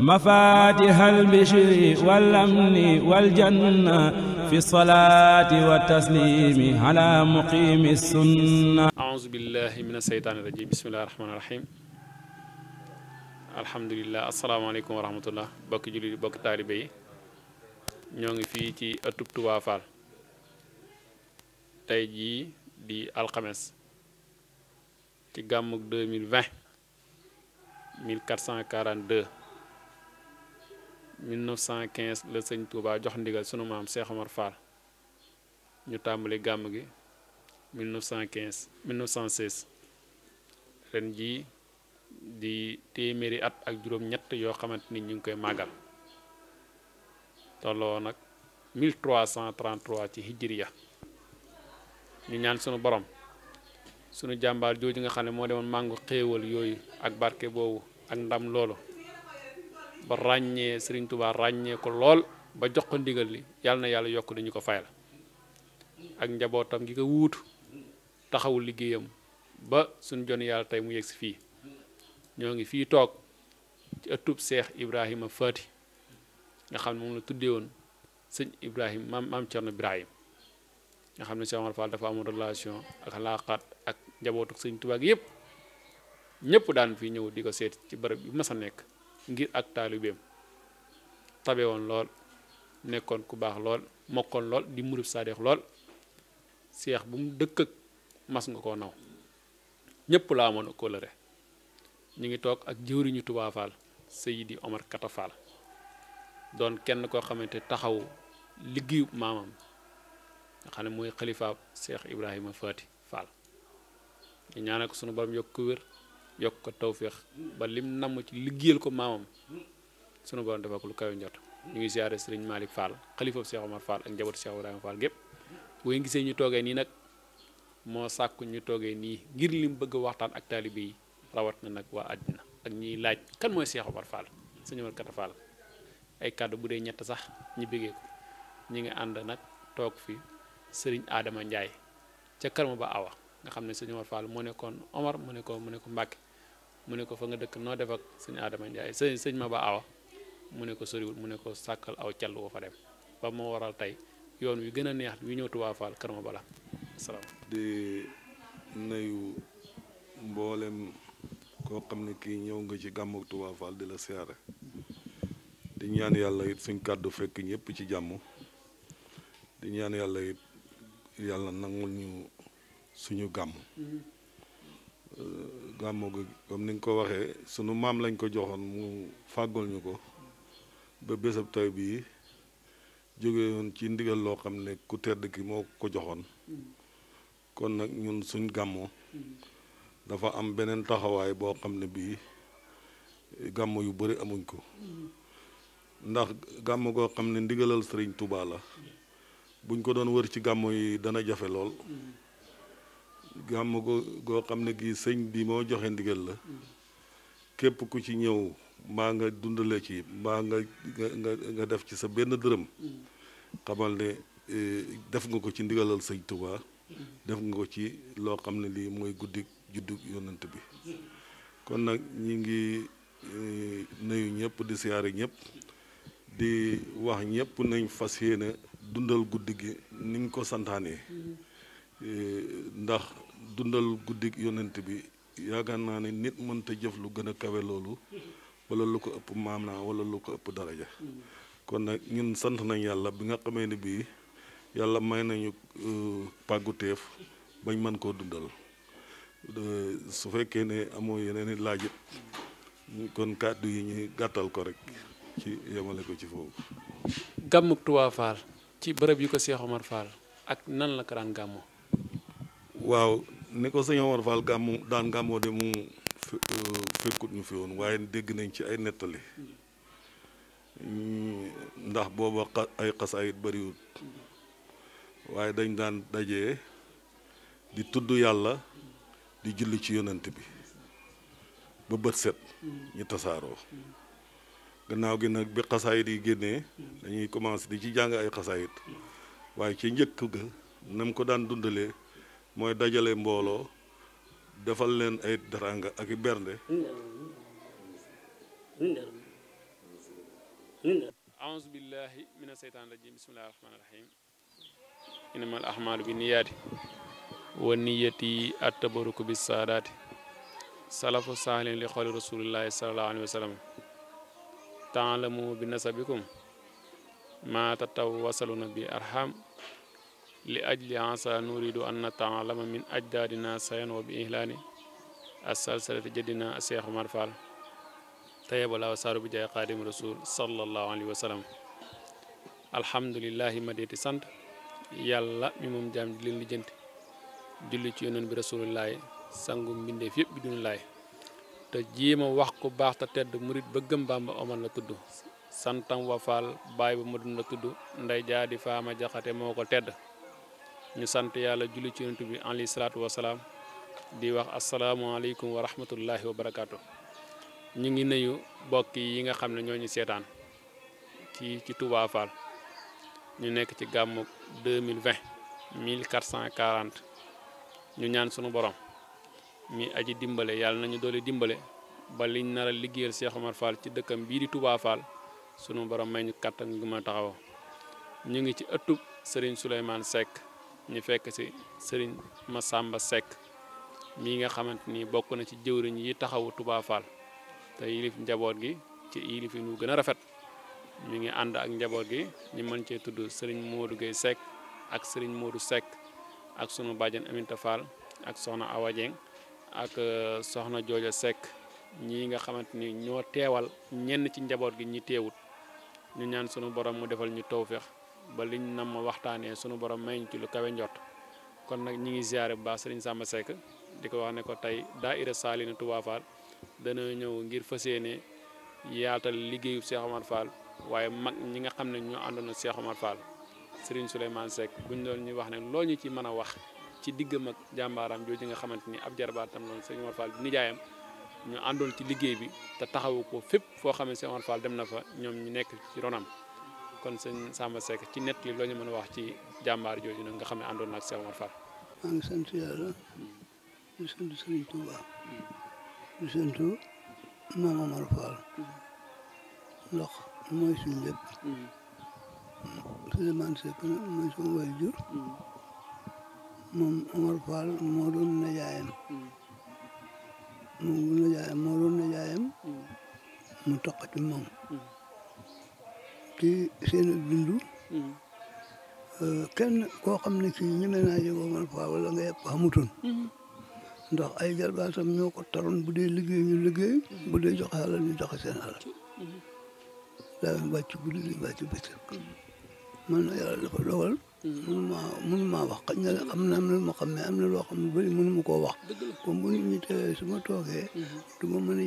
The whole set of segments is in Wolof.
مفاتيح البشر والأمن والجنة في الصلاة والتسليم على مقيم السنة أعوذ بالله من الشيطان الرجيم بسم الله الرحمن الرحيم alhamdulilah asalaamaaleykum wa rahmatullah bokki jullit bokki taalibe yi ñoo ngi fii ci ëttub Touba Fall tey jii di alxames ci gàmmug 2020 1442 1915 la sëñ Touba jox ndigal sunu maam Cheikh Omar Fall ñu tàmbali gàmm gi 1915 1916 ren jii di téeméeri at ak juróom-ñett yoo xamante ni ñu ngi koy màggal tolloo nag 1333 ci ya ñu ñaan sunu borom sunu jàmbaar jooju nga xam ne moo demoon màngu xéewal yooyu ak barke boobu ak ndam loolu. ba ràññee sëriñ Touba ràññee ko lool ba jox ko ndigal li yàlla na yàlla yokk dañu ko fayal ak njabootam gi ko wuutu taxawu liggéeyam ba suñ jon yàlla tey mu yegg si fii ñoo ngi fii toog ci ëttub seex Ibrahima Faati nga xam ne moom la tuddee woon sëñ Ibrahima maam maam Cerno Ibrahima nga xam ne Cheikh Omar Fall dafa amoon relation ak laaxaat ak njabootu sëñ tubaak gi yëpp ñëpp daan fi ñëw di ko seet ci bërëb bi mas a nekk ngir ak taalibeem tabe woon lool nekkoon ku baax lool mokkoon lool di murib saadeex lool seex bu mu dëkk mas nga koo naw ñépp la amoon ak kóllëre ñu ngi toog ak jëwriñu Touba Fall Seydi Omar Kata Fall doon kenn koo xamante taxaw liggéeyu maamam nga xam ne mooy xalifaab seex Ibrahima Faati Fall ñu ko sunu borom yokk wér yokk ko tawféex ba lim namm ci liggéeyal ko maamam sunu borom defal ko lu kawe njot ñu ngi ziare sëriñ Malick Fall xalifa Cheikh Omar Fall ak njabootu Cheikh Ibrahima gépp bu ngeen gisee ñu toogee nii nag moo sàkku ñu toogee nii ngir lim bëgg waxtaan ak taalibe yi rawat nag waa àddina ak ñiy laaj kan mooy Cheikh Omar Fall ay kàddu bu dee ñett sax ñu bëggee ko ñu ngi ànd nag toog fi sëriñ aadama Ndiaye ca karma ba awa nga xam ne sëñ Omar Fall mu nekkoon Omar mu ne ko mu ne ko Mbàkke mu ne ko fa nga dëkk noo def ak sëñ Adama Ndiaye sëñ sëñ ma ba awa mu ne ko soriwul mu ne ko sàkkal aw call woo fa dem ba moo waral tey yoon wi gën a neex wi ñëw Touba Fall Kër Mabala salaam di nuyu mboolem koo xam ne kii ñëw nga ci gàmmu Touba Fall di la siyaare di ñaan yàlla it suñ kàddu fekk ñëpp ci jàmm di ñaan yàlla it yàlla nangul ñu suñu gàmm euh, gàmmu gi comme ni nga ko waxee sunu maam lañ ko joxoon mu fàggul ñu ko ba bésab tay bii jóge woon ci ndigal loo xam ne ku tedd ki moo ko joxoon kon nag ñun suñ gàmmoo dafa am beneen taxawaay boo xam ne bii gàmm yu bari amuñ ko ndax gàmm goo xam ne ndigalal sëriñ tubaa la buñ ko doon wër ci gàmmo yi dana jafe lool gàmm go goo xam ne gii sëñ bi moo joxe ndigal la képp ku ci ñëw mbaa nga dundale ci mbaa nga nga def ci sa benn dërëm xamal ne e, def nga ko ci ndigalal sëñ Tuubaa def nga ko ci loo xam ne lii mooy guddi juddu yonent bi kon nag ñi ngi e, nuyu ñëpp di siyaare ñëpp di wax ñépp nañ fas yéene dundal guddi gi ni niñ ko santaanee Eh, ndax dundal guddi yonent bi yaakaar naa ne nit mënta jëf lu gën a kawe loolu wala lu ko ëpp maam maanaa wala lu ko ëpp daraja kon nag ñun sant nañ yàlla bi nga xamee ne bii yàlla may nañu eh, pàgguteef bañ mën koo dundal eh, su fekkee ne amoo yeneen i laaj kon kàddu yi ñu gàttal ko rek ci yemale ko ci foofu. gàmmug Tuubaa ci bërëb yu ko Seex Omar Fall ak nan la ko daan waaw ni ko sëñ Omar Fall gàmmu daan gàmmoo de mu euh, fekkut ñu fi woon waaye dégg nañ ci ay nettali ndax booba ay xasaayit bariwut waaye dañ daan dajee di tudd yàlla di julli ci yonant bi ba bët set ñu tasaaroo gannaaw gi nag bi xasaayit yi génnee dañuy commencé di ci jàng ay xasaayit waaye ci njëkk ga nam ko daan dundalee mooy dajale mbooloo defal leen ay daranga ak i bernde aouzu billahi mina seytaan rajim bismillahi rahmaani rahim innama al bi niyaati wa niyati attabaruku bi saadaati salafu saalin li xooli rasulillahi salallahu alayhi taalamu bi nasabikum maa tatawwasaluna bi arham li ajli ansa nuridu an nataalama min ajdaadina sayan wa bi ihlaani asalsalati jadina Cheikh Omar Fall tayebalaaw saaru bi jaay xaadim rasul sallallahu alayhi ma deeti sant yàlla mi moom jaam di leen lijjanti julli ci yoneen bi rasulullaahi sangu mbindeef yëpp bi dunilaay te jiima wax ko baax te tedd murit bëggam Bàmba Omar la tudd santam wa faal baay ba ma dun la tudd ndey jaadi faama jaxate moo ko tedd ñu sant yàlla julli ci yonent bi alayhi salaatu wasalaam di wax asalaamualeykum wa rahmatullahi wa barakaatu ñu ngi nuyu mbokk yi nga xam ne ñoo ñu seetaan ci ci Touba ñu nekk ci gàmmu 2020 1440 ñu ñaan sunu borom mi aji dimbale yàlla nañu doole dimbale ba liñ nar a liggéeyal Cheikh Omar ci dëkkam bii di Touba sunu borom may ñu kàttan gi ma taxawoo ñu ngi ci ëttub Serigne Souleymane Seck. ñu fekk si sëriñ ma Massamba sekk mii nga xamante ni bokk na ci jëwriñ yi taxawu Touba Fall te yilif njaboot gi ci yilif yi nu gën a rafet mi ngi ànd ak njaboot gi ñu mën cee tudd sëriñ Modou Gueye Seck ak sëriñ Modou Seck ak sunu bàjjen Aminta Fall ak soxna Awa Dieng ak euh, soxna Jooja Seck ñii nga xamante ni ñoo teewal ñenn ci njaboot gi ñi teewut ñu ñaan sunu borom mu defal ñu tawfeex ba liñ nam ma waxtaanee sunu borom mayuñ ci lu kawe njot kon nag ñi ngi ziare bu baax sëriñ Samba Seck di ko wax ne ko tey daaira Saalina Touba Fall dana ñëw ngir fas yéene yaatal liggéeyub Cheikh Omar waaye mag ñi nga xam ne ñoo àndoon ak Cheikh Omar Fall sëriñ Souleymane Seck buñ doon ñu wax ne loo ñu ci mën a wax ci diggam ak jàmbaaram jooju nga xamante ni ab jarbaatam loolu sëriñ Omar Fall di nijaayam ñu àndoon ci liggéey bi te taxawu ko fépp foo xam ne Cheikh Omar dem na fa ñoom ñu nekk ci ronam kon sëñ Samba Seck ci nett li loo ñu mën a wax ci jàmbaar jooju nag nga xam ne àndoon na ak Cheikh Omar Fall. maa ngi sant yàlla di sant Serigne Touba di sant ndox mooy suñu lépp Souleymane Seck nag mooy sama waajur moom Omar Fall moo doon na moo doon na mu toq ci moom ci seen dundu. Hmm. Euh, kenn koo xam ne kii ñeme naa yegoo man fa wala nga yëpp xamutoon. Hmm. ndax ay jalbaatam ñoo ko taroon bu dee liggéey ñu liggéey. bu dee joxe alal ñu joxe seen alal. Hmm. daa leen bàcc guddi leen bàcc bëccëg. man yàlla dafa dogal. mënuma mënuma wax xëy na am na am na ma xam ne am loo xam ne bëri wax. bu nit ñi teewee su ma toogee. du ma mën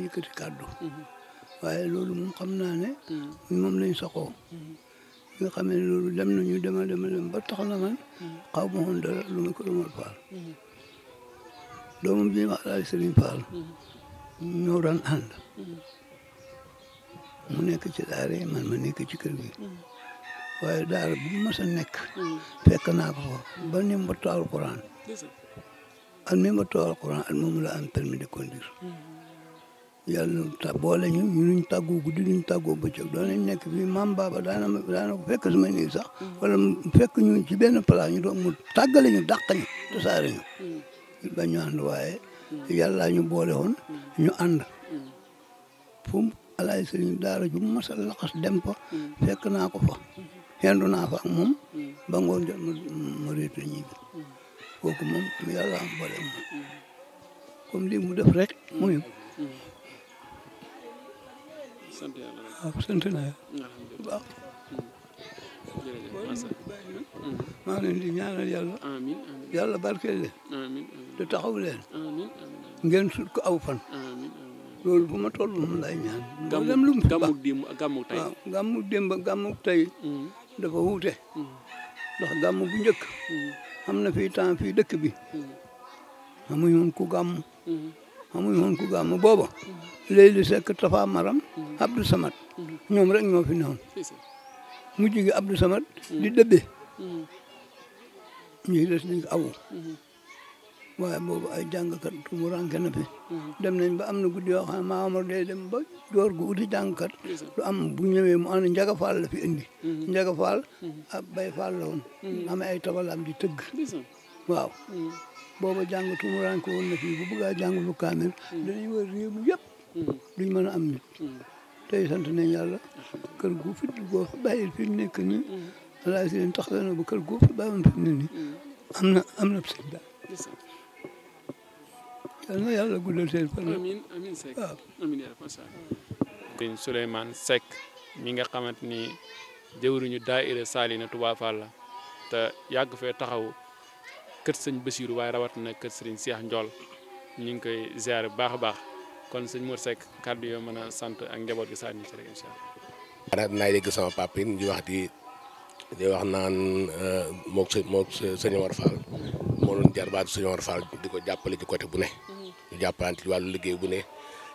waaye loolu moom xam naa ne. Hmm. moom lañ saxoo. Hmm. nga xam ne loolu dem nañu dema dema dem ba tax na man. Hmm. xaw ma woon dara lu ma ko Omar Fall. doomam bi wax Alaaji Sëriñ Fall. ñoo daan ànd. mu nekk ci daara yi man ma nekk ci kër gi. waaye daara bu ma sa nekk. fekk naa ko fa ba ni mbottoo Alquran. ak ni mbottoo Alquran ak moom la am permis de conduire. yàlla ta boole ñu ñunuñ tàggoo guddi duñ tàggoo bëccëg doon nañ nekk fii maam baaba daana daana ko fekk sama néeg sax mm. wala fekk ñu ci benn place ñu doon mu tàggale ñu dàq ñu tasaare ñu mm. ba ñu waaye mm. yàlla ñu boole woon ànd fu mu alaay sëriñ daara ju masal laxas dem fekk naa ko fa xendu naa fa ak moom ba ngoon jot ma réetu ñibbi kooku moom yàlla boole moom comme lii mu def rek muyu sant yàlla waaw sant naa yàlla bu mm-hmm. baax. te taxaw leen. amiin ngeen sut ko loolu bu ma toll moom laay ñaan. gàmmu lu mu baax gàmmu démb ak gàmmu tey. waaw gàmmu démb ak mm-hmm. dafa wuute. Mm-hmm. ndax gàmmu bu njëkk. am na fii temps dëkk bi. amuñu woon ku gàmmu. amuñu woon ku gàmm booba Leyli Seck Tafa Maram Abdou Samad ñoom rek ñoo fi newoon mujj gi Abdou Samad di dëbbe ñuy des di awu waaye boobu ay jàngkat mu ranke na fi dem nañ ba am na guddi yoo xam ne maa amar day dem ba door gu uti jàngkat lu am bu ñewee mu ànd Njaga Faal la fi indi Njaga Faal ab faal la woon am ay tabalam di tëgg waaw booba jàng tumuraanke woon na fii bu bëggaa jàng lu kaamel hmm. danañ war réew mi yëpp hmm. duñ mën a am nit hmm. tey sant nañ yàlla kër gu fit goo bàyyil fi nekk fi bàyyoon fi nii am na am na na yàlla guddal seen fan waaw amiin yàlla macha allah sëñ Souleymane Seck mi nga xamante ni jëwriñu daaira Saalina Touba la te yàgg fee taxaw kër sëñ Basiiru waaye rawatina kër sëriñ Seex Njool ñu ngi koy ziare bu baax a baax kon sëñ Mor Seck kàddu yoo mën a sant ak njaboot gi saa ñu ci rek naa dégg sama papa yi di wax di wax naan moog sa moog sëñ Omar Fall moo doon jar baatu sëñ Omar di ko jàppale ci côté bu ne. ñu mm-hmm. jàppalante ci wàllu liggéey bu ne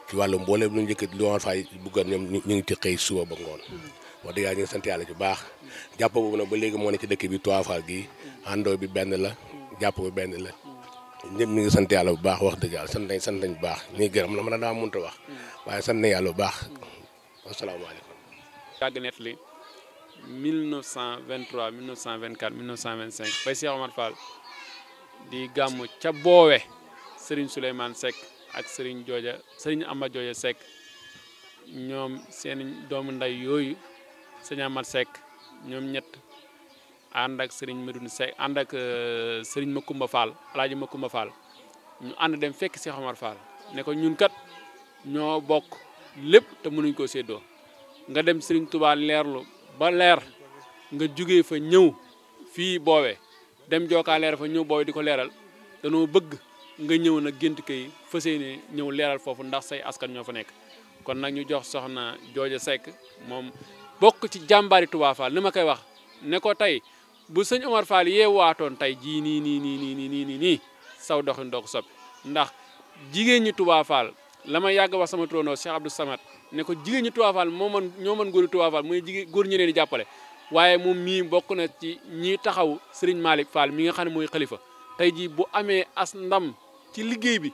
ci wàllu mbooleem lu njëkk li Omar Fall bëggoon ñoom ñu ngi ci xëy suba ba ngoon. Mm-hmm. wax dëgg ñu ngi sant yàlla bu baax. jàpp boobu nag ba léegi moo ne ci dëkk bi Touba Fall gi mm-hmm. àndoo bi benn la. jàpp ko benn la ñëpp ñu ngi sant yàlla bu baax wax dëgg yàlla sant nañ sant nañ bu baax ñuy gërëm la mën a daa mënta wax waaye sant nañ yàlla bu baax asalaamaaleykum yàgg net li 1923 1924 1925 fay Cheikh Omar Fall di gàmm ca boowe Serigne Souleymane Seck ak Serigne Jooja Serigne Ama Jooja Seck ñoom seen doomu nday yooyu Serigne Amar ñoom ñett ànd ak Serigne Medoune Seck ànd ak euh, Serigne Makumba Fall Alaaji Makumba Fall ñu ànd dem fekk Cheikh Omar ne ko ñun kat ñoo bokk lépp te mënuñ koo séddoo nga dem Serigne tubaa leerlu ba leer nga jóge fa ñëw fii boobee dem Jookaa leer fa ñëw boobee di ko leeral danoo bëgg nga ñëw nag gént kay fas yéene ñëw leeral foofu ndax say askan ñoo fa nekk kon nag ñu jox soxna jooja Seck moom bokk ci jàmbaari tubaa Fall li ma koy wax ne ko tey bu sëñ Omar yee waatoon tey jii nii nii nii nii nii nii nii saw doxin doo ko ndax jigéen ñi Touba Fall la ma yàgg wax sama turandoo Cheikh Abdou Samad ne ko jigéen ñi Touba Fall moo man ñoo mën góori Touba Fall jigéen góor ñi leen di jàppale waaye mii bokk na ci ñi taxaw Serigne Malick Fall mi nga xam ne mooy xalifa tey jii bu amee as ndam ci liggéey bi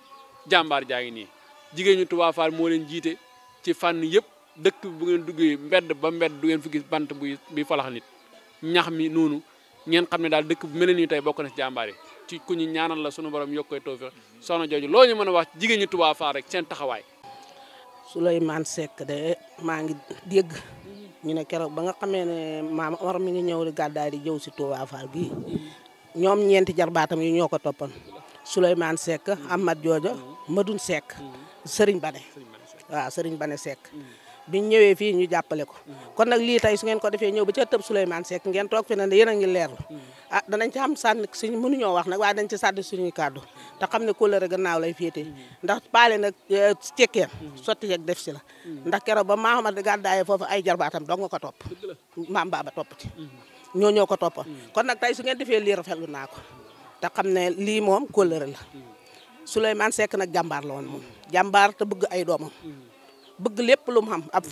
jàmbaar jaa ngi nii jigéen ñi Touba moo leen jiite ci fànn yëpp dëkk bu ngeen duggee mbedd ba mbedd du ngeen fi gis bant buy buy falax ñax mi noonu ngeen xam ne daal dëkk bu mel nii tey bokk na ci jàmbaar yi ci ku ñu ñaanal la sunu borom yokk koy tawfeex soxna jooju loo ñu mën a wax jigéen ñi Touba Fall rek seen taxawaay. Souleymane Seck de maa ngi dégg ñu ne keroog ba nga xamee ne maam Omar mi ngi ñëw di gàddaay di jëw si Touba Fall bii ñoom ñeenti jarbaatam yi ñoo ko toppan Souleymane Seck Amath Joojo Madoune Seck Serigne Bane waaw Serigne Bane Seck. Mm. biñ ñëwee fii ñu jàppale ko kon nag lii tey su ngeen ko defee ñëw ba ca tëb Souleymane Seck ngeen toog fi ne yéen a ngi leerlu ah danañ ci am sànni suñu mënuñoo wax nag waaye dañ ci sàdd suñuy kàddu te xam ne kóllëre gannaaw lay féete ndax paale nag euh, cekkeem sotti yeeg def si la ndax keroog ba Mahamad gàddaayee foofu ay jarbaatam dong nga ko topp maam baaba topp ci mm-hmm. ñoo ñoo ko toppa mm-hmm. kon nag tey su ngeen defee lii rafetlu naa ko te xam ne lii moom kóllëre la mm-hmm. Souleymane Seck nag jàmbaar la woon moom jàmbaar te bëgg ay doomam bëgg lépp lu mu xam ab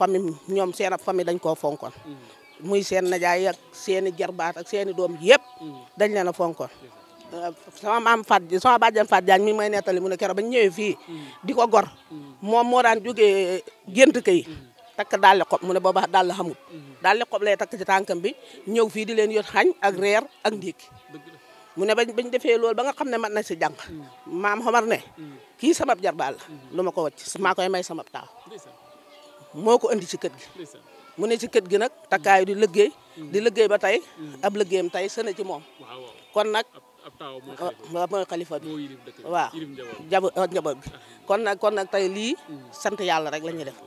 ñoom seen ab famille dañ koo fonkoon. Mm. muy seen najaay ak seen i jarbaat ak seeni doom yëpp. Mm. dañ leen a fonkoon. Euh, sama maam Fat sama bàjjan Fat Diagne mi may nettali mu ne keroog bañ ñëwee fii. Mm. di ko gor. moom moo daan jógee gént kay. takk daal la xob mu ne booba daal la xamut. daal la xob lay takk ci tànkam bi ñëw fii di leen yot xañ ak reer ak ndékki. mu ne bañ bañ defee loolu ba nga xam ne mat na si jàng maam xomar ne kii samab jarbaal la lu ma ko wacc maa koy may samab taaw moo ko andi si kët gi mu ne si kët gi nag takkaayu di liggéey di liggéey ba tey ab liggéeyam tey sëna ci moom kon nag waaw mooy xalifa bi waaw jab njaboot bi kon nag kon nag tey lii sant yàlla rek la ñuy def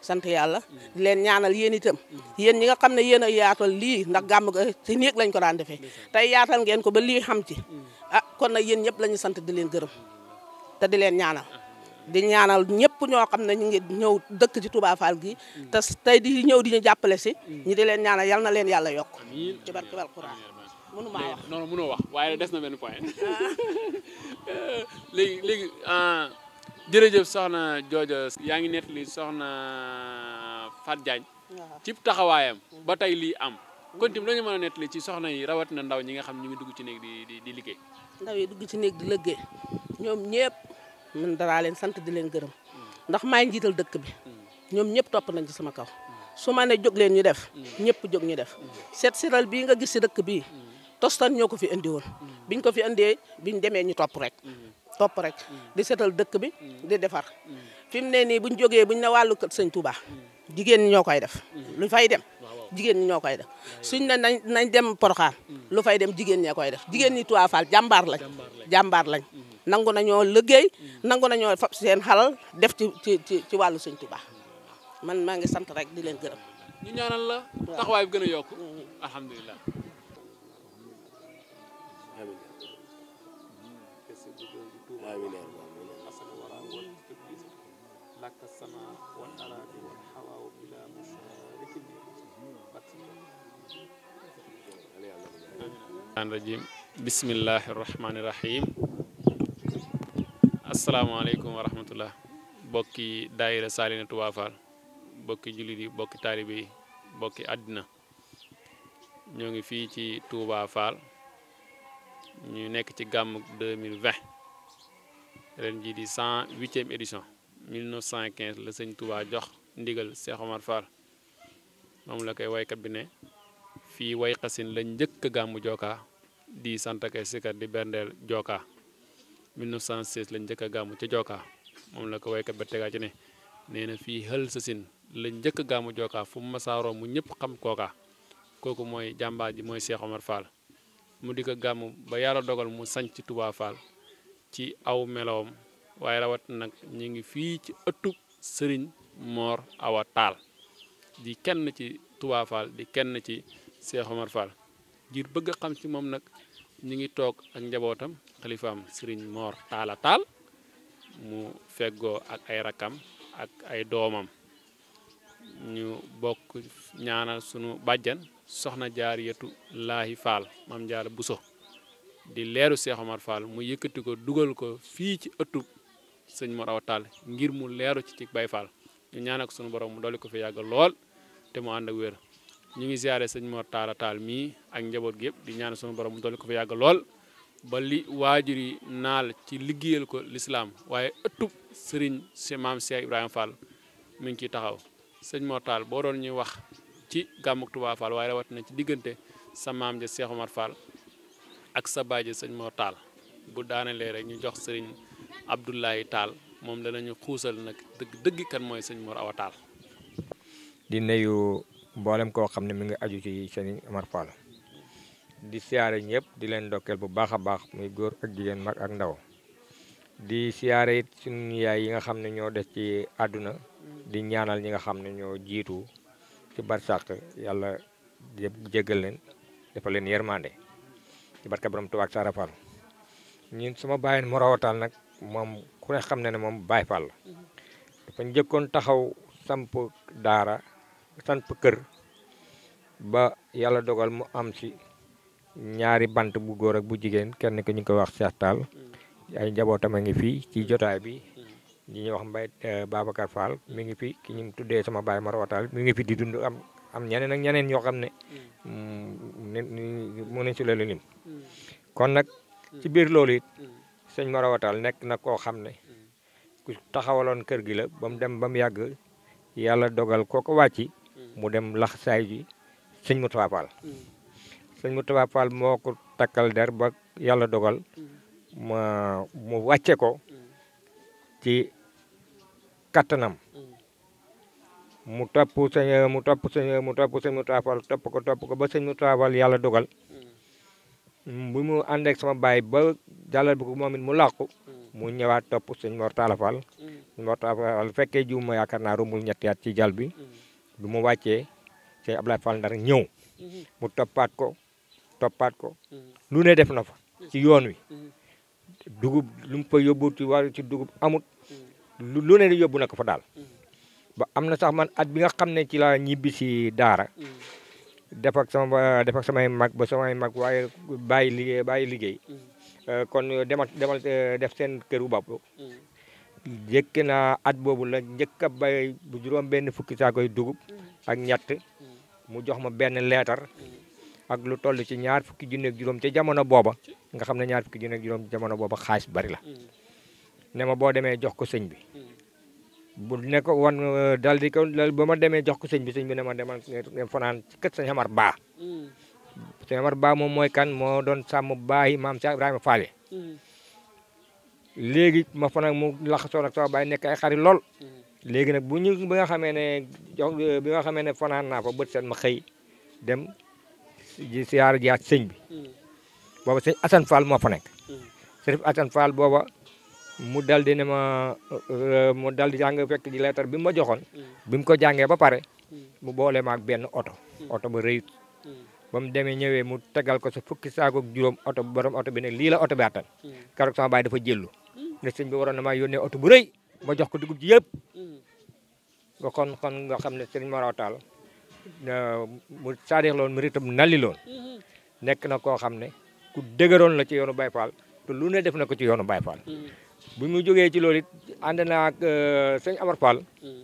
sant yàlla di leen ñaanal yéen itam yéen ñi nga xam ne yéen a yaatal lii ndax gàmm ga ci néeg lañ ko daan defee tey yaatal ngeen ko ba lii xam ci mm. ah kon nag yéen ñëpp la ñu sant di leen gërëm te di leen ñaanal di ñaanal ñëpp ñoo xam ne ñu ngi ñëw dëkk ci Touba Fall gi mm. te tey di ñëw di ñu jàppale si mm. ñi di leen ñaanal yal na leen yàlla yokk ci barke alquran mënu maa wax non mënoo wax na benn point ah, jërëjëf soxna joojo yaa ngi nettali soxna Fatou Diagne ci taxawaayam mm-hmm. ba tey lii am mm-hmm. kon tim lañu ma a ci soxna yi rawat na ndaw ñi nga xam ñu ngi dugg ci néeg di di liggéey ndaw yi dugg ci néeg di liggéey ñoom ñëpp man daraa leen sant di leen gërëm mm. ndax maa ngi jiital dëkk bi mm. ñoom ñëpp topp nañ ci sama kaw mm. su ma ne jóg leen ñu def ñëpp jóg ñu def seet siral bii nga gis si dëkk bi tostan ñoo ko fi indi woon biñ ko fi indee biñ demee ñu topp rek topp rek di setal dëkk bi di defar fi mu ne nii buñ jógee buñ ne wàllu kër sëñ Touba jigéen ñi ñoo koy def lu fay dem jigéen ñi ñoo koy def suñ ne nañ nañ dem Porokhane lu fay dem jigéen ñee koy def jigéen ñi Touba Fall jàmbaar lañ jàmbaar lañ nangu nañoo liggéey nangu nañoo fab seen xalal def ci ci ci ci wàllu sëñ Touba man maa ngi sant rek di leen gërëm ñu ñaanal la taxawaay bi gën a آمين حسن ورا والتبليس لك السماء والأراض bokki daayira Saalina Touba Fall bokki jullit yi bokki taalibe bokki àddina ñoo ngi fii ci Touba Fall ñu nekk ci gàmm 2020 ren jii di cent huitième édition 1915 la sëñ Touba jox ndigal Cheikh Omar Fall moom la koy waykat bi ne fii way xasin la njëkk a gàmmu Joka di sant ak ay di berndeel Joka la njëkk a gàmmu ca Joka moom la ko waykat ba tegaa ci ne nee fii xël sa la njëkk a gàmmu Joka fu mu masaaroo mu ñëpp xam kooka kooku mooy jàmbaar ji mooy Cheikh Omar mu di ko gàmm ba yàlla dogal mu sañ ci Touba Fall ci aw melowam waaye rawat nag ñu ngi fii ci ëttub sëriñ Mor Awa Taal di kenn ci Touba di kenn ci Cheikh Omar bëgg xam ci moom nag ñu ngi toog ak njabootam xalifaam sëriñ Mor Taala Taal mu feggoo ak ay rakkam ak ay doomam ñu bokk ñaanal sunu bàjjan soxna jaar yetu laahi Fall maam jaara Buso di leeru Cheikh Omar mu yëkkati ko dugal ko fii ci ëttub sëñ Mor Awa Tall ngir mu leeru ci ci Baye Fall ñu ñaan borom mu dolli ko fi yàgg lool te mu ànd ak wér ñu ngi ziare sëñ Mor mii ak njaboot yëpp di ñaan sunu borom mu dolli ko fi yàgg lool ba li waajur yi naal ci liggéeyal ko lislaam waaye ëttub sëriñ si maam Cheikh Ibrahima Fall mi ngi ciy taxaw sëñ Mor Tall boo doon ñuy wax ci gàmmug Touba Fall waaye rawatina ci diggante sa maam ja Cheikh Omar Fall ak sa baaji sëñ mortal bu daanalee rek ñu jox sëriñ Abdoulaye taal moom danañu xuusal nag dëgg dëgg kan mooy sëñ Mor Awa di nuyu mboolem koo xam ne mu ngi aju ci sëriñ Omar Fall di siyaare ñëpp di leen ndokkeel bu baax a baax muy góor ak jigéen mag ak ndaw di siyaare it yi nga xam ne ñoo des ci àdduna di ñaanal ñi nga xam ne ñoo jiitu ci barsàq yàlla jéggal leen dafa leen yërmande ci barke borom Tuubaa ak Saara Fall ñun sama baay mu rawatal nag moom ku ne xam na ne moom Baay Fall la dafa njëkkoon taxaw samp daara samp kër ba yàlla dogal mu am si ñaari bant bu góor ak bu jigéen kenn ki ñu koy wax seex Tall ay njabootam a ngi fii ci jotaay bi ñi ñuy wax Mbaye eh, Babacar Fall mi ngi fi ki ñu tuddee sama baay ma rawatal ngi fi di dund am am ñeneen ak ñeneen ñoo xam ne mën mm. mm, nañ ci leen lim mm. kon nag ci biir loolu it sëñ Mor Awa Tall nekk na koo xam ne ku taxawaloon kër gi la ba mu dem ba mu yàgg yàlla dogal kooko wàcci mu dem lax saay ji sëñ Moustapha Fall sëñ Moustapha Fall moo ko takkal der ba yàlla dogal ma mu wàcce ko ci kàttanam mu topp sëñ mu topp sëñ mu topp sëñ mu taafal topp ko topp ko ba sëñ mu taafal yàlla dogal mm. bu mu ànd ak sama baay ba jàllal bi ko moom it mu làqu mm. mu ñëwaat topp sëñ Mor Talla Fall mm. sëñ Mor Talla Fall fekkee jiw ma yaakaar naa rumbul ñetti at ci jàll bi bi mu wàccee sëñ Abdoulaye Fall Ndar ñëw mm-hmm. mu toppaat ko toppaat ko mm-hmm. lu ne def na fa mm-hmm. ci yoon wi dugub lu mu fa yóbbu ci war ci dugub amut lu ne yóbbu na ko fa daal ba am na sax man at bi nga xam ne ci la ñibbi si daara. Mm. def ak sama samay mag ba samay mag waaye bàyyi liggéey bàyyi liggéey. Mm. Euh, kon demal demal euh, def seen këru bopp. Mm. njëkk naa at boobu la njëkk a bay juróom benn fukki saa koy dugub ak ñett mu jox ma benn leetar ak lu toll ci ñaar fukki junneeg juróom ci jamono booba nga xam ne ñaar fukki juróom jamono booba xaalis bari la ne ma boo demee jox ko sëñ bi bu ne ko wan euh, dal di ko ba ma demee jox ko sëñ bi sëñ bi ne ma demal fanaan ci kër sëñ Amar Ba. Mm. sëñ Amar moom mooy kan moo doon sàmm baayi maam Cheikh Ibrahima Fall. Mm. ma fanaan mu laxasoo ak sama baay nekk ay xarit lool. Mm. léegi nag bu ñu bi nga xamee ne jox bi nga xamee ne fanaan naa fa bët set ma xëy dem ji siyaar jiyaat sëñ bi. boobu sëñ Assane Fall moo fa nekk. sëñ Assane Fall booba. mu dal di ne ma euh, mu dal di jàng fekk ji leetar bi mu ma joxoon. Mm. bi mu ko jàngee ba pare. Mm. mu boole ma ak benn oto. Mm. oto ba rëyut. ba mu demee ñëwee mu tegal ko sa fukki saako ak juróom oto borom oto bi ne lii la oto bi attan. keroog sama baay dafa jëllu. sëñ bi waroon na yónnee oto bu rëy. ma jox ko dugub ji yëpp. nga kon kon nga xam ne sëriñ Mor Awa Tall mu saadix loon mu ritam nali loon. Mm-hmm. nekk na koo xam ne ku dëgëroon la ci yoonu Baye Fall te lu ne def na ko ci yoonu Baye Fall. Mm-hmm. bu mu jogee ci loolu it ànd naa ak euh, sëñ Amar Fall mm.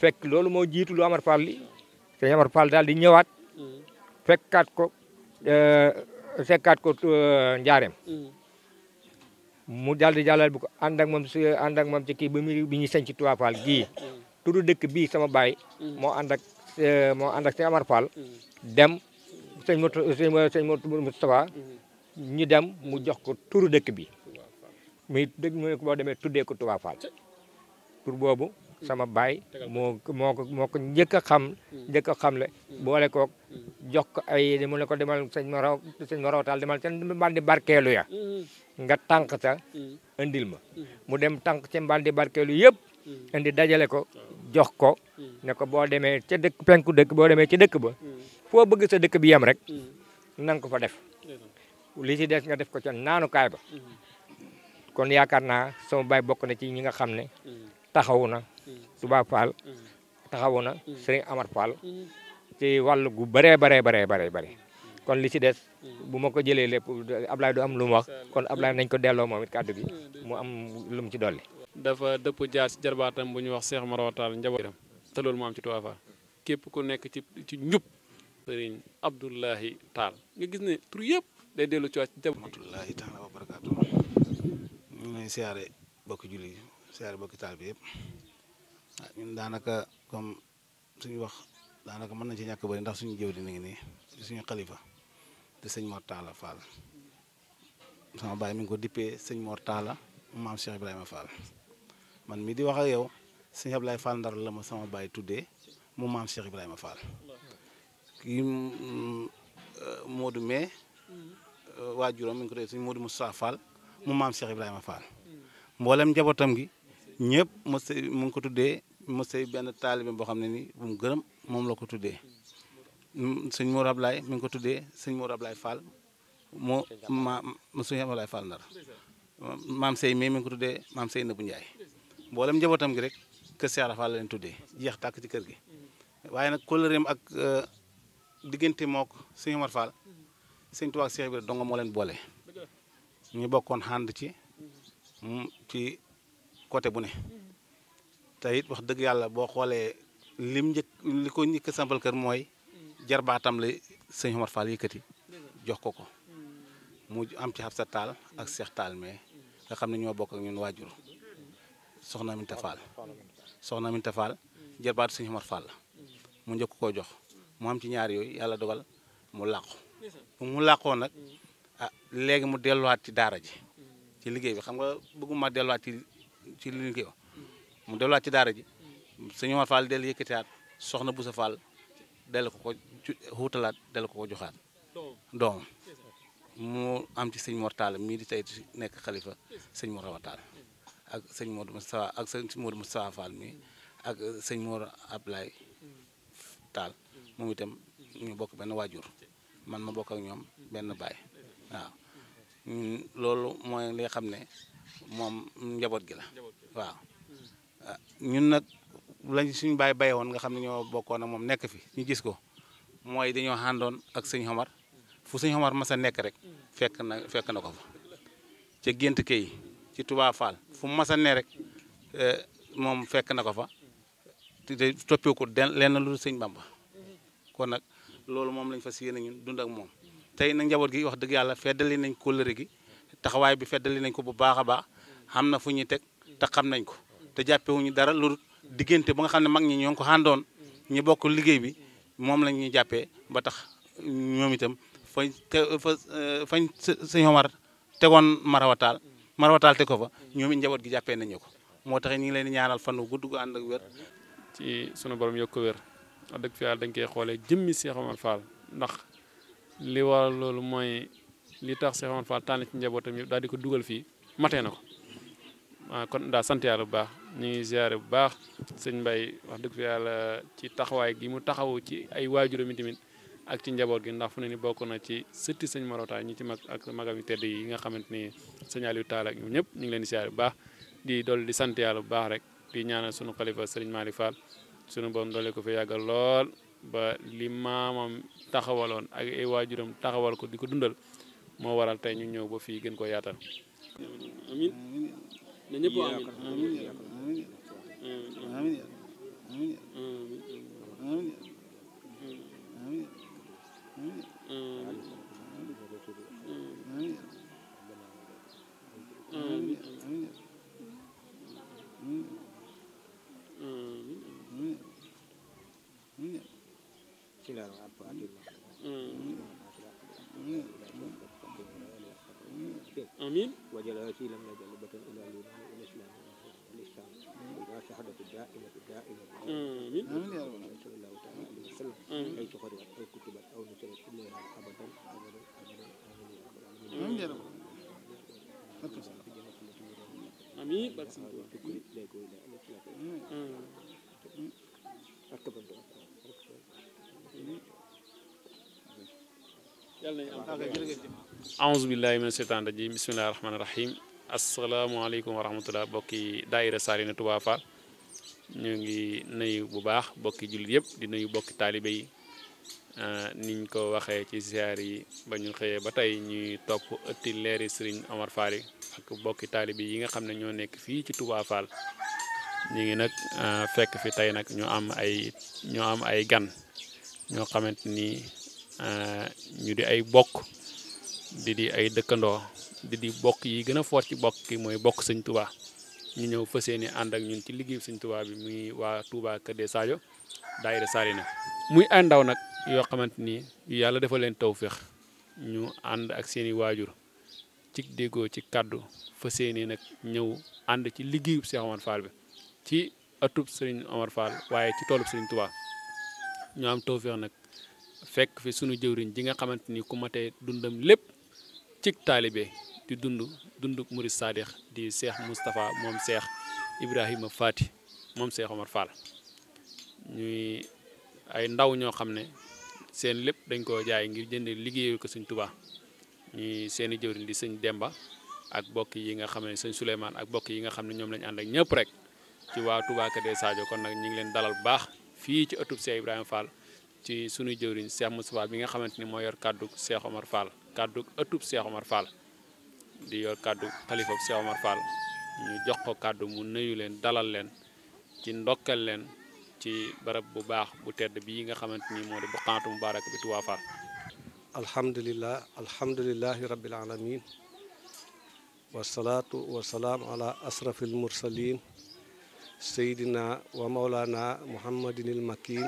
fekk loolu moo jiitu lu Amar Fall li sëñ Amar Fall daal di ñëwaat mm. fekkaat ko euh, fekkaat ko euh, njaareem mm. mu daal di jàllal bu ko ànd ak moom si ànd ak moom mu bi ñuy sañ ci Touba Fall gii tudd dëkk bii sama baay moo ànd ak moo ànd ak sëñ Amar Fall dem sëñ Mot sëñ Moustapha ñu dem mu jox ko turu dëkk bi muy dëgg mu ne ko boo demee tuddee ko Touba Fall tur boobu sama baay moo moo ko njëkk a xam hmm. njëkk xam le hmm. boole koog hmm. jox ko ay mu ne ko demal sëñ Maraw sëñ Maraw Taal demal ca mbandi barkeelu ya nga tànq ta indil ma mu dem tànq ca mbandi barkeelu yëpp indi dajale ko jox ko ne ko boo demee ca dëkk penku dëkk boo demee ca dëkk ba foo bëgg sa dëkk bi yem rek na nga ko fa def li ci des nga def ko ca naanukaay ba kon yaakaar naa sama baay bokk na ci ñi nga xam ne mm. taxawu na Touba mm. Fall mm. taxawu na Serigne Amar Fall ci wàll gu bëree baree baree bare bëri kon li ci des bu ma ko jëlee lépp Ablaye du am lu mu wax kon Ablaye nañ ko delloo moom it kàddu gi mu am lu mu ci dolli. dafa dëpp jaar ci jarbaatam bu ñuy wax Cheikh Maraw Tall njabootam te loolu mu am ci Touba Fall képp ku nekk ci ci njub. Serigne Abdoulahi Tall nga gis ne tur yëpp day dellu ci waat ci jabootam. Abdoulahi ñu ngi siyaare bokki julli siyaare bokki taal bi yëpp ah daanaka comme suñu wax daanaka mën nañ ci ñàkk bari ndax suñu jëw di ni ngi nii suñu xalifa di sëñ Mor Talla Fall sama baay mi ngi ko dippee sëñ Mor Talla maam Cheikh Ibrahima Fall man mi di wax ak yow sëñ Ablaye Fall Ndar la ma sama baay tuddee mu maam Cheikh Ibrahima Fall kii mais mm, mm, May mm. euh, waajuram mi ngi ko tuddee sëñ Modou Moustapha Fall mu maam Cheikh ma Fall mbooleem njabootam gi ñëpp mos mu ngi ko tuddee mos benn taalibe boo xam ne nii bu mu gërëm moom la ko tuddee sëñ Mor Ablaye mi ngi ko tuddee sëñ Mor Ablaye Fall moo ma sëñ Ablaye Fall Sey mii mi ngi ko tuddee maam Sey Nabou Ndiaye mboolem njabootam gi rek kër Cheikh Ibra la leen tuddee jeex tàkk ci kër gi waaye nag kóllëreem ak diggante mook sëñ Omar Fall sëñ Tuubaa Cheikh Ibra donga moo leen boole ñu bokkoon xànd ci mm, ci côté bu ne te it wax dëgg yàlla boo xoolee lim njëkk li ko njëkk sampal kër mooy jarbaatam la sëñ Omar Fall yëkkati jox ko ko mu am ci sa Taal ak Seex Taal mais nga xam ne ñoo bokk ak ñun waajur soxna Aminta Fall soxna Aminta Fall jarbaatu sëñ Omar Fall la mu njëkk koo jox mu am ci ñaar yooyu yàlla dogal mu làqu mu làqoo nag Ah, léegi mu delluwaat ci daara ji ci liggéey bi xam nga bëgguma delluwaat ci ci liggéey mu delluwaat ci daara ji sëñ Omar dell dellu soxna Boussa Fall dell ko ko xuutalaat dellu ko joxaat doom mu am ci sëñ Mor mii di tey nekk xalifa sëñ Mor Awa ak sëñ Modou Moustapha ak sëñ Modou ak sëñ Mor Ablaye itam ñu bokk benn waajur man ma bokk ak ñoom benn baay waaw mm, loolu mooy li xam ne moom njaboot gi la waaw ah, ñun nag lañ suñ baay bay woon nga xam ne ñoo bokkoon ak moom nekk fi ñu gis ko mooy dañoo àndoon ak sëñ Omar fu sëñ Omar mas a nekk rek fekk na fekk na ko fa ca gént kay ci Touba Fall fu mas a ne rek eh, moom fekk na ko fa te toppeeku lenn lu sëñ Bamba kon nag loolu moom lañ fas yéene ñun dund ak moom tey nag njaboot gi wax dëgg yàlla feddali nañ kóllëre gi taxawaay bi feddali nañ ko bu baax a baax xam na fu ñuy teg te xam nañ ko te jàppewuñu dara lu diggante ba nga xam ne mag ñi ñoo ko ko doon ñi bokk liggéey bi moom lañ ñuy jàppee ba tax ñoom itam fañ fa euh, fañ sëñ Omar tegoon marawataal marawataal ko fa ñoom it njaboot gi jàppee nañu ko moo tax ñu ngi leen di ñaanal fan wu gudd gu ànd ak wér. ci sunu borom yokk wér wax dëgg fi yàlla dañ koy xoolee jëmmi Cheikh Omar Fall li waral loolu mooy li tax Cheikh Omar Fall tànn ci njabootam yëpp daal di ko dugal fii mate na ko waaw ah, kon daa sant yàlla bu baax ñu ngi ziare bu baax sëñ mbay wax dëgg fi yàlla ci taxawaay gi mu taxawu ci ay waajuram yi tamit ak ci njaboot gi ndax fu ne ni bokk na ci sëtti sëñ Marota ñi ci mag ak magam yu tedd yi nga xamante ni sëñ Aliou ak ñoom ñëpp ñu ngi leen di ziare bu baax di dool di sant yàlla bu baax rek di ñaanal sunu xalifa sëñ Malick Fall sunu borom doole ko fi yàggal lool ba li maamam taxawaloon ak ay waajuram taxawal ko di ko dundal moo waral tey ñu ñëw ba fii gën ko yaatal. آمين وجل وسيلة من جلبة إلى الإيمان والإسلام والإسلام وشهادة دائمة دائمة آمين صلى الله تعالى عليه وسلم حيث قرأت أو كتبت أو نشرت إليها أبدا أبدا أبدا آمين آمين آمين آمين آمين aouzu billahi mina seytaan rajim bismillahi rahmaani rahim asalaamaaleykum wa rahmatullah bokki daayira Saarina Touba Fall ñu ngi nuyu bu baax bokki jullit yépp di nuyu bokki taalibe yi ah, niñ ko waxee ci ziar yi ba ñu xëyee ba tey ñuy topp ëtti leeri sëriñ Omar Fall ak bokki taalibe yi nga xam ne ñoo nekk fii ci Touba Fall ñu ngi nag ah, fekk fi tey nag ñu am ay ay gan ñoo xamante ni Euh, ñu di ay bokk di di ay dëkkandoo di di bokk yi gën a foor ci bokk ki mooy bokk sëñ Touba ñu ñëw fa yéene ànd ak ñun ci liggéey sëñ Touba bi muy waa Touba Kër de Sadio daayira Sarina muy ay ndaw nag yoo xamante ni yàlla dafa leen tawféex ñu ànd ak seeni waajur ci déggoo ci kàddu fas yéene nag ñëw ànd ci liggéeyub Cheikh Omar bi ci atub Serigne Omar waaye ci toolub Serigne Touba ñu am tawféex nag fekk fi sunu jëwriñ ji nga xamante ni ku matee dundam lépp cig taalibe di dund dund murid saadix di seex Moustapha moom seex Ibrahima Faati moom seex Omar Fall ñuy ay ndaw ñoo xam ne seen lépp dañ koo jaay ngir jënd liggéeyal ko suñ tubaa ñuy seeni jëwriñ di sëñ Demba ak bokk yi nga xam ne sëñ Souleymane ak bokk yi nga xam ne ñoom lañ ànd ak ñëpp rek ci waa Touba Kër Sadio kon nag ñu ngi leen dalal bu baax fii ci ëttub seex Ibrahima Fall. ci sunuy jëwriñ Cheikh Moustapha bi nga xamante ni moo yor kàddu Cheikh Omar Fall kàddu di yor kàddu xalifab Cheikh Omar ñu jox ko kàddu mu nuyu leen dalal leen ci ndokkal leen ci barab bu baax bu tedd bii nga xamante ni moo di Buqaatu Mubaaraka bi Touba Fall alhamdulilah alhamdulilahi alamin wasalaatu wasalaam ala asrafil mursalin seydina wa maulana muhammadinil makin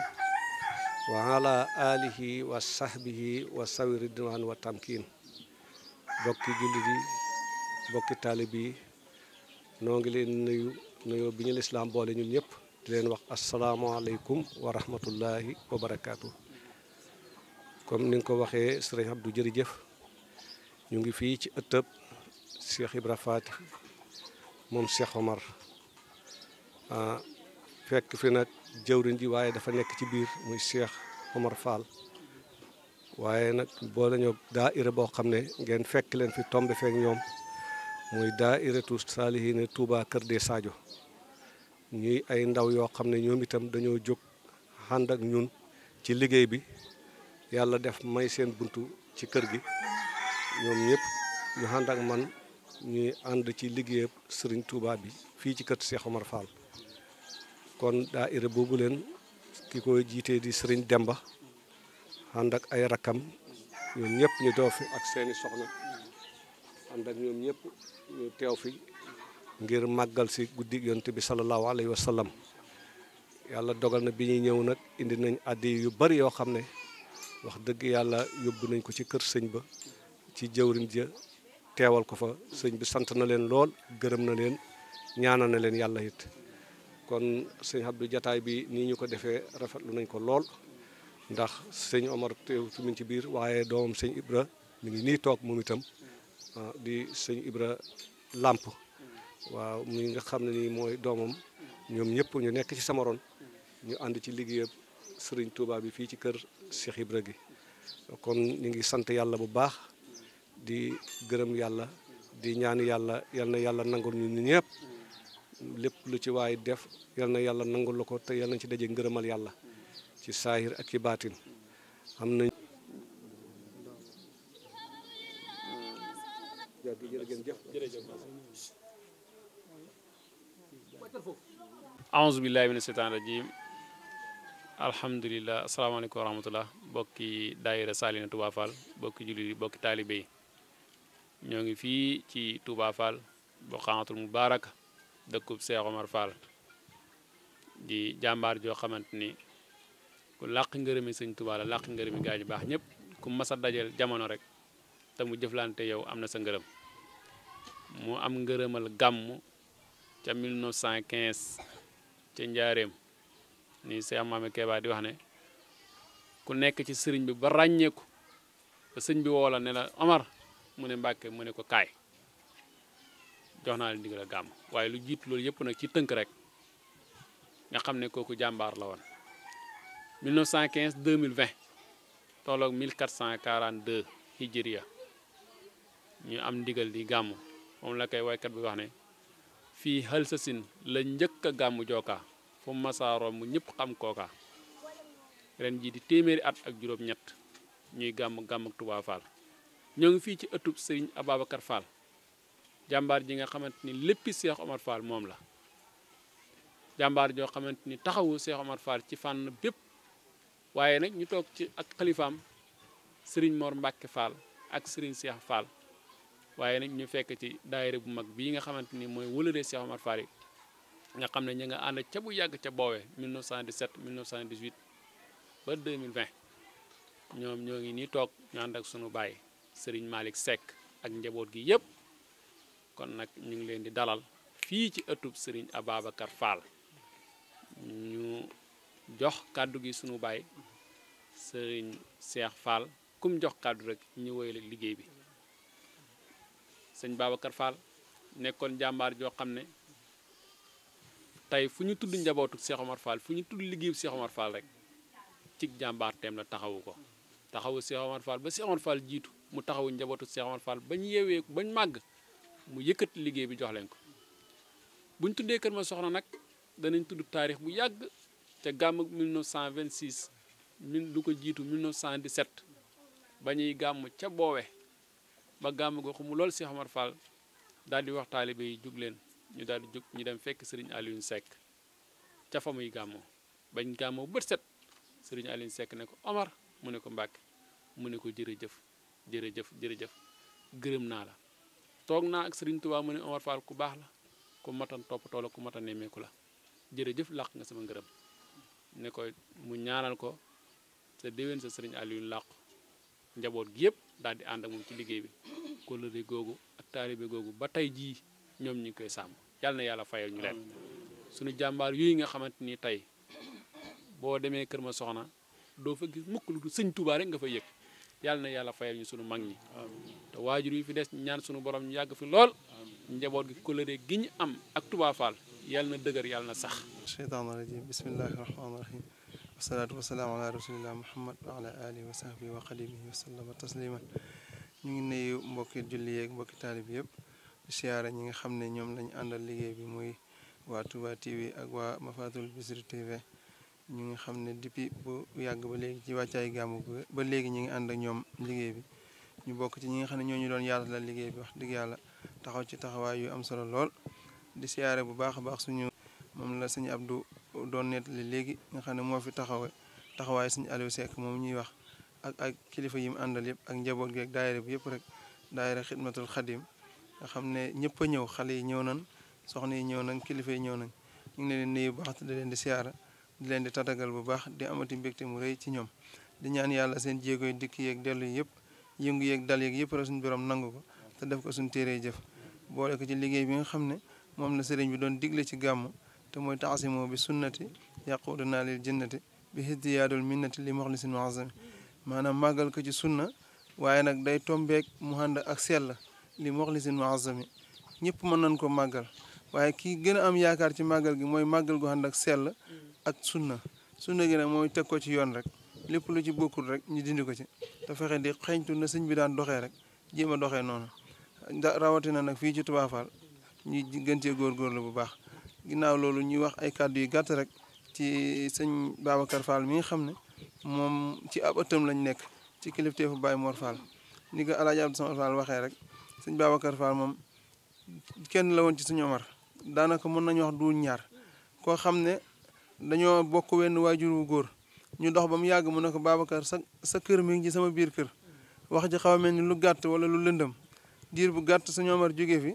wa ala alihi wa sahbihi wa sawi ridwaan wa tamkiin bokki jullit yi bokki taalib yi noo ngi leen nuyu nuyoo bi ñu lislaam boole ñun ñépp di leen wax asalaamaaleykum wa rahmatullahi wa barakaatu. comme ni nga ko waxee du Abdou jëf ñu ngi fii ci ëttëb Cheikh Ibra Faty moom Cheikh Omar ah, fekk fi nag jëwriñ ji waaye dafa nekk ci biir muy Cheikh Omar Fall waaye nag boole ñoo daaira boo xam ne ngeen fekk leen fi tombe feek ñoom muy daairatu saalihiina Touba Kër de saajo ñuy ay ndaw yoo xam ne ñoom itam dañoo jóg ànd ak ñun ci liggéey bi yàlla def may seen buntu ci kër gi ñoom ñëpp ñu ànd ak man ñuy ànd ci liggéeyab sëriñ Touba bi fii ci kër Cheikh Omar Fall kon daa daayira boobu leen ki ko jiitee di sëriñ Demba ànd ak ay rakkam ñoom ñëpp ñu teew fi ak seeni soxna ànd ak ñoom ñëpp ñu teew fi ngir màggal si guddi yonent bi sallallahu alayhi wa sallam yàlla dogal na bi ñuy ñëw nag indi nañ addi yu bari yoo xam ne wax dëgg yàlla yóbbu nañ ko ci kër sëñ ba ci jëwriñ ja teewal ko fa sëñ bi sant na leen lool gërëm na leen ñaanal na leen yàlla it kon sëñ Abdou jataay bi nii ñu ko defee rafetlu nañ ko lool ndax sëñ Omar teew fi ci biir waaye doomam sëñ Ibra mi ngi nii toog moom itam ah, di sëñ Ibra làmp waaw mi nga xam ne nii mooy doomam ñoom ñëpp ñu nekk ci sama ron ñu ànd ci liggéeyam sëriñ Touba bi fii ci kër Cheikh Ibra gi kon ñu ngi sant yàlla bu baax di gërëm yàlla di ñaan yàlla yal yàlla nangu ñu ñëpp. lépp lu ci waaye def yal yàlla nangu la ko te yal ci daje ngërëmal yàlla ci saahir ak ci baatin am nañ aouzu billahi mina seytaan rajim alhamdulilah asalaamaaleykum wa rahmatullah bokki daayira Saalina Touba bokki julli bokki taalibe ñoo ngi fii ci Touba bokkaanatul mubaaraka dëkkub Cheikh Omar Fall di jàmbaar joo xamante ni ku làq ngërëmi sëñ Tuubaa la làq ngërëmi gaa ñu baax ñëpp ku mas a dajal jamono rek te mu jëflante yow am na sa ngërëm mu am ngërëmal gàmmu ca 1915 ca njaareem ni Cheikh Mamadou Keba di wax ne ku nekk ci sëriñ bi ba ràññeeku ba sëñ bi woo la ne Omar mu ne Mbàkke mu ne ko kaay jox naa leen ndigal a gàmm waaye lu jiit loolu yëpp nag ci tënk rek nga xam ne kooku jàmbaar la woon 1915 2020 tolloog 1442 hijriya ñu am ndigal di gàmm moom la koy waykat bi wax ne fii xalsasin la njëkk a gàmm jookaa fu masaaroo mu ñëpp xam kookaa ren jii di téeméeri at ak juróom-ñett ñuy gàmm gàmm ak Touba Fall ñoo ngi fii ci ëttub Serigne Ababacar Fall jàmbaar ji nga xamante ni léppi Cheikh Omar Fall moom la jàmbaar joo xamante ni taxawu Cheikh Omar Fall ci fànn bépp waaye nag ñu toog ci ak xalifaam Serigne moor Mbacke Fall ak Serigne seex Fall waaye nag ñu fekk ci daayira bu mag bii nga xamante ni mooy wëlëree Cheikh Omar Fall yi nga xam ne ñu ngi ànd ca bu yàgg ca boowee 1917 1918 ba 2020 ñoom ñoo ngi nii toog ñu ànd ak sunu baay Serigne Malick Seck ak njaboot gi yëpp. kon nag ñu ngi leen di dalal fii ci ëttub sëriñ Ababacar Fall ñu jox kàddu gi sunu baay sëriñ Seex Fall kum jox kàddu rek ñu woyal ak liggéey bi sëñ Babacar Fall nekkoon jàmbaar joo xam ne tey fu ñu tudd njabootu Seex Omar Fall fu ñu tudd liggéeyu Seex Omar Fall rek cig jàmbaar teem la taxawu ko taxawu Seex Omar ba Seex Omar jiitu mu taxawu njabootu Seex Omar ba ñu yeewee bañ màgg mu yëkkati liggéey bi jox leen ko buñ tuddee Kër ma soxna nag danañ tudd taarix bu yàgg te gàmm 1926 min lu ko jiitu 1917 ba ñuy gàmm ca boowe ba gàmm go mu lool Cheikh Omar Fall daal di wax taalibe yi jug leen ñu daal di jug ñu dem fekk Serigne Alioune sekk ca fa muy gàmmoo bañ gàmmoo bët set Serigne Alioune Seck ne ko Omar mu ne ko Mbàkke mu ne ko jëf jërëjëf jërëjëf gërëm naa la toog naa ak Serigne Touba mu ne Omar Fall ku baax la ku matan toppatoo la ku matan nemmeeku la jërëjëf làq nga sama ngërëm ne ko mu ñaanal ko sa déwén sa Serigne Alioune làqu njaboot gi yëpp daal di ànd ak moom ci liggéey bi kóllëre googu ak taalibe googu ba tey jii ñoom ñu ngi koy sàmm yàlla na yàlla fayal ñu leen sunu jàmbaar yooyu nga xamante ni tey boo demee kër ma soxna doo fa gis mukk lu sëñ Touba rek nga fa yëg yàlla na yàlla fayal ñu sunu mag ñi waajur yi fi des ñaan sunu borom ñu yàgg fi lool njaboot gi kóllëre gi ñu am ak Touba yal na dëgër yàlla na sax sheytaan rajim bismillahi rahmaani rahim wasalaatu wasalaamu wa ala alihi wa sahbihi wa xadimihi wa ñu ngi nuyu mbokki julli yeeg mbokki taalib yëpp siyaara ñi nga xam ne ñoom lañu àndal liggéey bi muy waa Touba TV ak waa Mafatul Bichri TV ñu ngi xam ne depuis bu yàgg ba léegi ci wàccaay gàmmu ba léegi ñu ngi ànd ak ñoom liggéey bi ñu bokk ci ñi nga xam ne ñoo ñu doon yaatal la liggéey bi wax dëgg yàlla taxaw ci taxawaay yu am solo lool di siyaare bu baax a baax suñu moom la ab du doon nettali léegi nga xam ne moo fi taxaw taxawaay suñu Aliou seek moom ñuy wax ak ak kilifa yi mu àndal yëpp ak njaboot gi ak daayira bi yëpp rek daayira xidmatul xadim nga xam ne ñëpp a ñëw xale yi ñëw nañ soxna yi ñëw nag kilifa yi ñëw nañ ñu ngi leen di nuyu bu di leen di siyaara di leen di tatagal bu baax di amati mbégte mu rëy ci ñoom di yàlla seen jéego yi dikk yeeg dellu yëpp yëngu yeeg dal yeeg yëpp rek suñu borom nangu ko te def ko suñu téere jëf boole ko ci liggéey bi nga xam ne moom la sëriñ bi doon digle ci gàmm te mooy taxasimo bi sunnati yaquduna lil jannati bi hiddiyaadul minnati li moxlisin moazami maanaam màggal ko ci sunna waaye nag day tombeek mu ànd ak sell li moxlisin moazami ñëpp mën nañ ko màggal waaye kii gën a am yaakaar ci màggal gi mooy màggal gu ànd ak sell ak sunna sunna gi nag mooy teg ko ci yoon rek lépp lu ci bokkul rek ñu dindi ko ci te fexe di xeeñtu na sëñ bi daan doxee rek jéem a doxee noonu rawatina nag fii ci Touba Fall ñu góor cee góorgóorlu bu baax ginnaaw loolu ñuy wax ay kàddu yu gàtt rek ci sëñ Babacar Fall mi nga xam ne moom ci ab ëttam lañ nekk ci kilifteefu Baye Mor Fall ni ko El Hadj Abdou Samad waxee rek sëñ Babacar Fall moom kenn la woon ci suñoo Omar daanaka mën nañu wax du ñaar koo xam ne dañoo bokk wenn waajur wu góor ñu dox ba mu yàgg mu ne ko Babacar sa sa kër mi ngi ci sama biir kër wax ji xaw a mel ni lu gàtt wala lu lëndëm diir bu gàtt suñu Omar jógee fi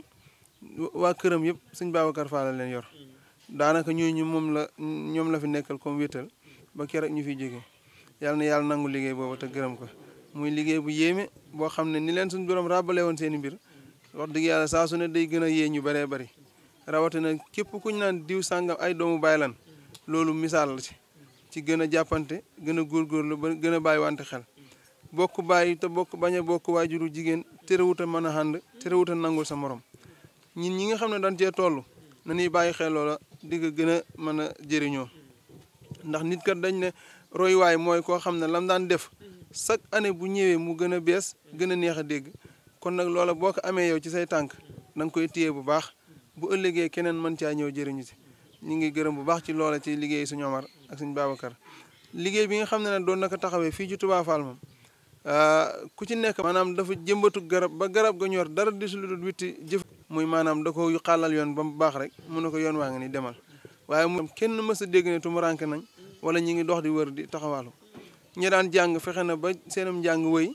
waa këram yëpp suñ Babacar Fall la leen yor daanaka ñuy ñu moom la ñoom la fi nekkal comme wéetal ba keroog ñu fiy jógee yàlla na yàlla liggéey boobu te gërëm ko muy liggéey bu yéeme boo xam ne ni leen suñ borom ràbbale woon seen i mbir wax dëgg yàlla saa su ne day gën a yée ñu bëree bëri rawatina képp ku ñu naan diw sàngam ay doomu bàyyi lan loolu misaal la ci ci gën a jàppante gën a góorgóorlu ba gën a bàyyi wante xel bokk bàyyi te bokk bañ a bokk waajuru jigéen terewut a mën a ànd terewut a nangul sa morom ñin ñi nga xam ne dañ cee toll na ñuy bàyyi xel loola di ko gën a mën a jëriñoo ndax nit kat dañ ne royuwaay mooy koo xam ne lam daan def chaque année bu ñëwee mu gën a bees gën a neex a dégg kon nag loola boo ko amee yow ci say tànk da koy téye bu baax bu ëllëgee keneen mën caa ñëw jëriñu si ñu ngi gërëm bu baax ci loola ci liggéey suñu Omar ak sëñ Babacar liggéey bi nga xam ne nag doon na ko taxawee fii ci Touba Fall moom ah, ku ci nekk maanaam dafa jëmbatu garab ba garab ga ñor dara desul lu witti jëf muy maanaam dako ko xàllal yoon ba mu baax rek mun na ko yoon waa ngi ni demal waaye mu kenn mës a dégg ne nañ wala ñi ngi dox di wër di taxawaalu ñi daan jàng fexe na ba seenam njàng wëy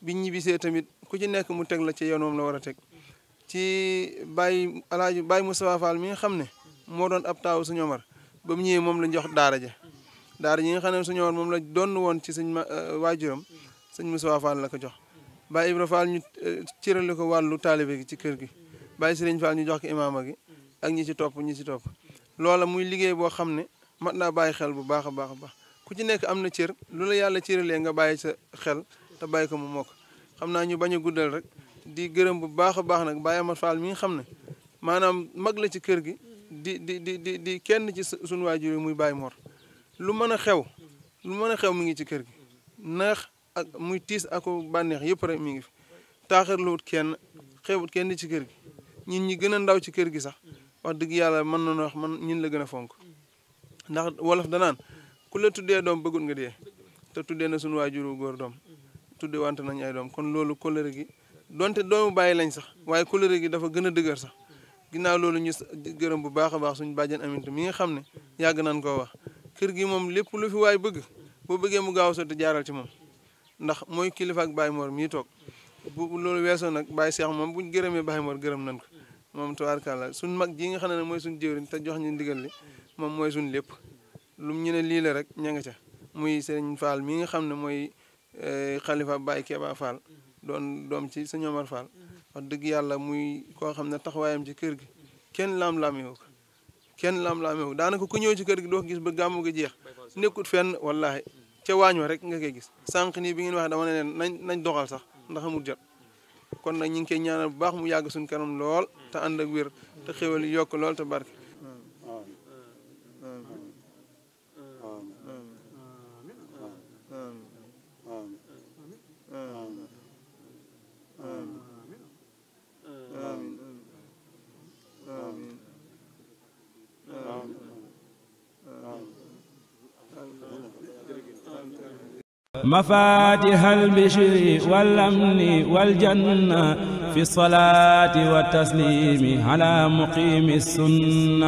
bi ñibbisee tamit ku ci nekk mu teg la ci yoon moom war a teg ci Baye Alaaji Baye Moustapha Fall mi nga xam ne moo doon ab taaw suñu Omar ba mu ñëwee moom lañ jox daara ja daara ñi nga xam ne suñu woon moom la doon woon ci sëñ ma euh, waajuram sëñ Moussa Fall la ko jox Baye Ibra Fall ñu euh, cërale ko lu taalibe gi ci kër gi si Serigne Fall ñu jox ko imaama gi ak ñi ci topp ñi ci topp loola muy liggéey boo xam ne mat naa bàyyi xel bu baax a baax a baax ku ci nekk am na cër lu la yàlla cëralee nga bàyyi sa xel te bàyyi ko mu mokk xam naa ñu bañ a guddal rek di gërëm bu baax a baax nag Baye Amat Fall mi nga xam ne maanaam mag la ci kër gi di di di di di kenn ci suñu waajur yi muy Baye Mor lu mën a xew lu mën a xew mu ngi ci kër gi neex ak muy tiis ako bànneex yëpp rek mi ngi fi taaxirluwut kenn xeebut kenn ci kër gi ñun ñi gën a ndaw ci kër gi sax wax dëgg yàlla mën nañu wax man ñun la gën a fonk ndax wolof danaan ku la tuddee doom bëggul nga dee te tuddee na suñu waajuru góor doom tudde wante nañ ay doom kon loolu kóllëre gi donte doomu bàyyi lañ sax waaye kóllëre gi dafa gën a dëgër sax ginnaaw loolu ñu gërëm bu baax a baa suñu bàjjen aminte mi nga xam ne yàgg nañ koo wax kër gi moom lépp lu fi waay bëgg boo bëggee mu gaaw a sotti jaaral ci moom ndax mooy kilifa ak Baye Mor mii toog bu loolu weesoo nag Baye Cheikh moom buñ gërëmee Baye Mor gërëm nañ ko moom tubaarkàlla suñ mag ji nga xam ne mooy suñ jëwriñ te jox ñu ndigal li moom mooy suñ lépp lu ñu ne liile rek ña nga ca muy seen Fall mii nga xam ne mooy eh, xalifa Baye Keba Fall doon doom ci sëñ Omar Fall a dëgg yàlla muy koo xam ne taxawaayam ci kër gi kenn laam-laam yow kenn lam-laamee daanaka ku ñëwee ci kër gi doo gis ba gàmmu gi jeex nekkut fenn wallahi ca waañ wa rek nga koy gis sànq nii bi ngeen wax dama ne leen nañ nañ doxal sax ndax amul jot kon nag ñu ngi koy ñaanal bu baax mu yàgg suñ kanam lool te ànd ak wér te xéwal yokk lool te barke مفاتيح البشر والأمن والجنة في الصلاة والتسليم على مقيم السنة